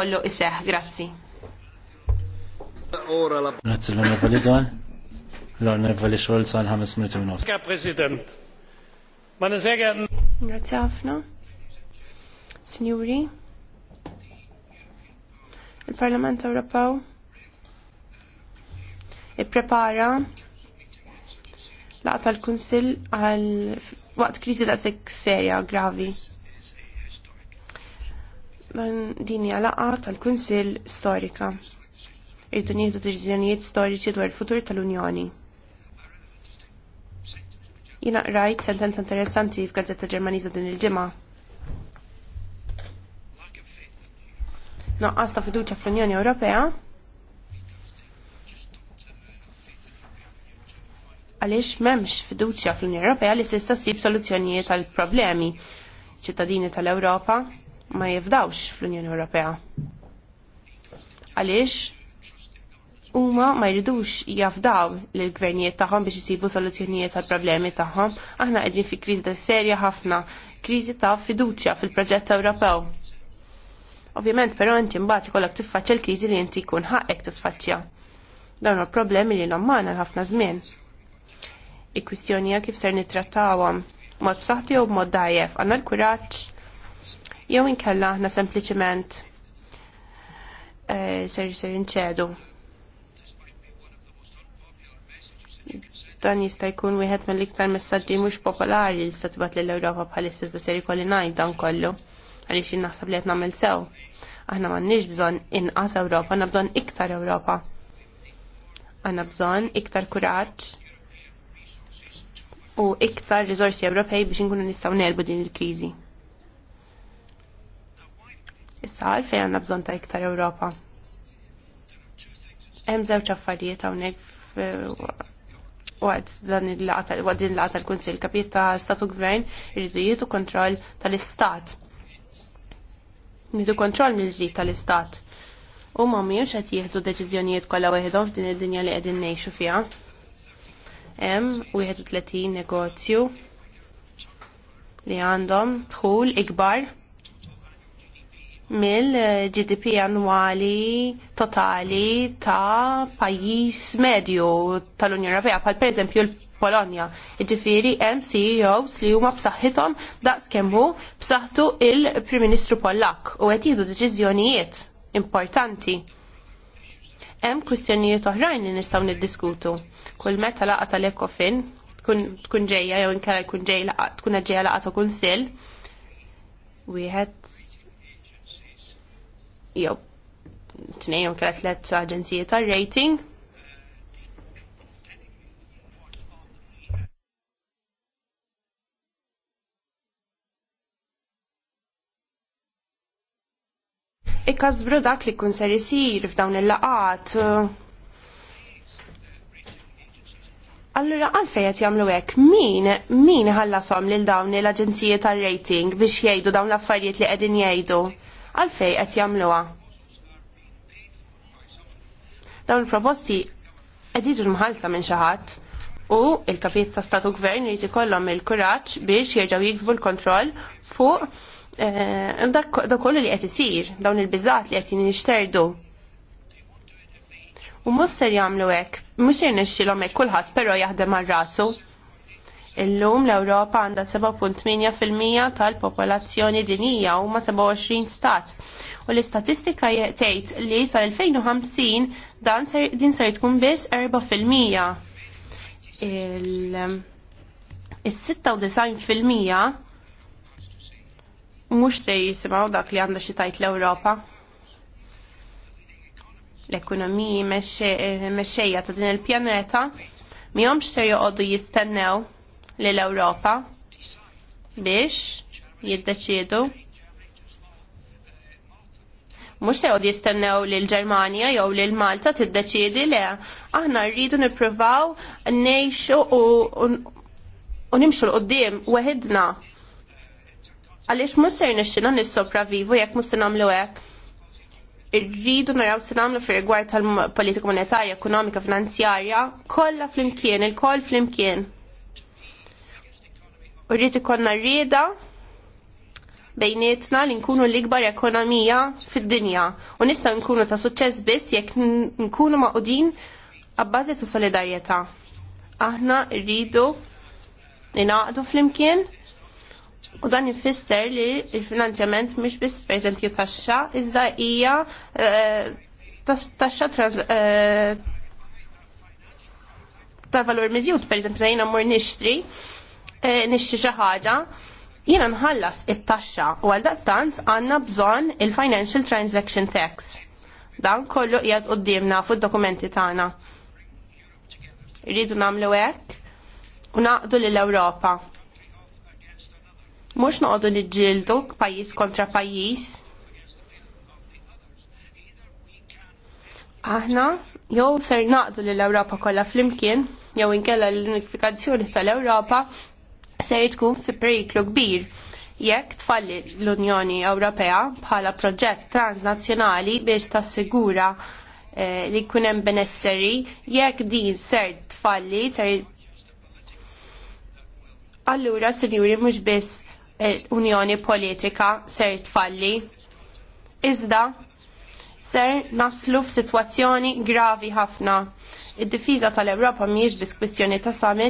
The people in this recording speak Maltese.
kollu iseħ, grazzi. Grazzi l-onorevoli Don. L-onorevoli Schulz għal ħames minuti minn Herr President, meine sehr geehrten... Grazzi ħafna. Signori, il-Parlament Ewropew i-prepara laqta l-Kunsil għal waqt krizi da' serja gravi din hija laqgħa tal-Kunsill Storika. Irdu nieħdu deċiżjonijiet storiċi dwar il-futur tal-Unjoni. Jiena rajt sentenza interessanti f'Gazzetta Ġermaniża din il-ġimgħa. Naqqas ta' fiduċja fl-Unjoni Ewropea għaliex m'hemmx fiduċja fl-Unjoni Ewropea li se ssib soluzzjonijiet għall problemi ċittadini tal-Ewropa ma jifdawx fl-Unjoni Ewropea. Għaliex huma ma jridux jafdaw lill gvernijiet tagħhom biex jisibu soluzzjonijiet għall problemi tagħhom. Aħna qegħdin fi kriżi serja ħafna, kriżi ta' fiduċja fil-proġett Ewropew. Ovvjament però inti mbagħad ikollok tiffaċċja l-kriżi li inti jkun ħaqek tiffaċċja. Dawn huma problemi li l-ommana ħafna żmien. Il-kwistjoni hija kif ser nittrattawhom mod b'saħħti u b'mod dajjef, għandna l-kuraġġ jew inkella aħna sempliċiment eh, ser ser inċedu. Dan jista' jkun wieħed mill-iktar messaġġi mhux popolari li tibgħat lill-Ewropa bħalissa iżda ser ikolli ngħid dan kollu għaliex naħseb li qed nagħmel sew. Aħna m'għandniex bżonn inqas Ewropa, għandna bżonn iktar Ewropa. Għandna bżonn iktar kuraġġ, u iktar riżorsi Ewropej biex inkunu nistgħu nerbu din il-kriżi. Issa għalfejn għandna bżonn ta' iktar Ewropa. Hemm żewġ affarijiet hawnhekk waqt dan il laqgħa din laqgħa tal kunsill Kapit ta' Statu Gvern irridu jietu kontroll tal-Istat. Nidu kontroll mill-ġdid tal-Istat. U ma mhijiex qed jieħdu deċiżjonijiet kollha waħedhom f'din id-dinja li qegħdin ngħixu fiha. Hemm wieħed u tletin negozju li għandhom dħul ikbar mill-GDP annwali totali ta' pajjiż medju tal-Unjoni Ewropea, per pereżempju l-Polonja. Ġifieri hemm CEOs li huma b'saħħithom daqs kemm hu b'saħħtu il-Prim Ministru Pollak u qed jieħdu deċiżjonijiet importanti. Hemm kwistjonijiet oħrajn li nistgħu niddiskutu. Kull meta laqgħa tal-Ekofin tkun ġejja jew inkella jkun ġej tkun ġejja laqgħa ta' kunsill wieħed jew tnejn jew tlet aġenziji tar-rating. Ikkazbru dak li kun ser isir f'dawn il-laqat. Allura għalfejn qed jagħmlu hekk, min min ħallasom lil dawn l-aġenziji tar-rating biex jgħidu dawn l-affarijiet li qegħdin jgħidu? għalfej qed jagħmluha. Dawn il-proposti qed jiġu mħallsa minn xi ħadd u il-kapiet ta' statu gvern jrid ikollhom il-kuraġġ biex jerġgħu jiksbu l-kontroll fuq eh, dak kollu li qed isir, dawn il-biżgħat li qed jinixterdu u mhux ser jagħmlu hekk, mhux ser nexxilhom hekk kulħadd però jaħdem għal rasu. Illum l-Ewropa għandha 7.8% tal-popolazzjoni dinija huma 27 stat. U l-istatistika tgħid li sal-2050 dan ser, din ser tkun biss 4%. Il-96% mhux se jisimgħu dak li għandha xi tajt l-Ewropa. L-ekonomiji mexxejja ta' din il-pjaneta mihomx se joqogħdu jistennew l-Europa biex jiddeċiedu mux se għod jistennew l-Germania jew l-Malta tiddeċiedi le aħna rridu niprivaw nejxu u nimxu l-qoddim weħidna għalix mux se jirnexxina nissopravivu jekk mux se namlu hekk. Irridu naraw se namlu fi rigward tal-politika monetarja, ekonomika, finanzjarja, kollha flimkien, il-koll flimkien. Irrid ikollna rrieda bejnietna li nkunu l-ikbar ekonomija fid-dinja u nista' nkunu ta' suċċess biss jekk nkunu udin għabbażi ta' solidarjetà. Aħna rridu fl flimkien u dan jfisser li l-finanzjament mhix biss eżempju taxxa iżda hija eh, taxxa eh, ta' valur miżjud, pereżempju jina mur nixtri Eh, nixxi xi ħaġa, jiena nħallas it-taxxa u għal daqstanz għandna bżonn il-Financial Transaction Tax. Dan kollu qiegħed qudiemna fuq dokumenti tagħna. Irridu nagħmlu hekk u naqdu lill ewropa Mhux noqogħdu niġġieldu pajjiż kontra pajjiż. Aħna jew ser naqdu lill ewropa kollha flimkien jew inkella l-unifikazzjoni tal-Ewropa ser tkun fi periklu kbir jekk tfalli l-Unjoni Ewropea bħala proġett transnazzjonali biex tassigura eh, li jkun hemm benesseri jekk din ser tfalli ser Allura, sinjuri, mhux biss eh, unjoni politika ser tfalli. Iżda, ser naslu f'sitwazzjoni gravi ħafna. Id-difiża tal-Ewropa mhijiex biss kwistjoni ta' summit,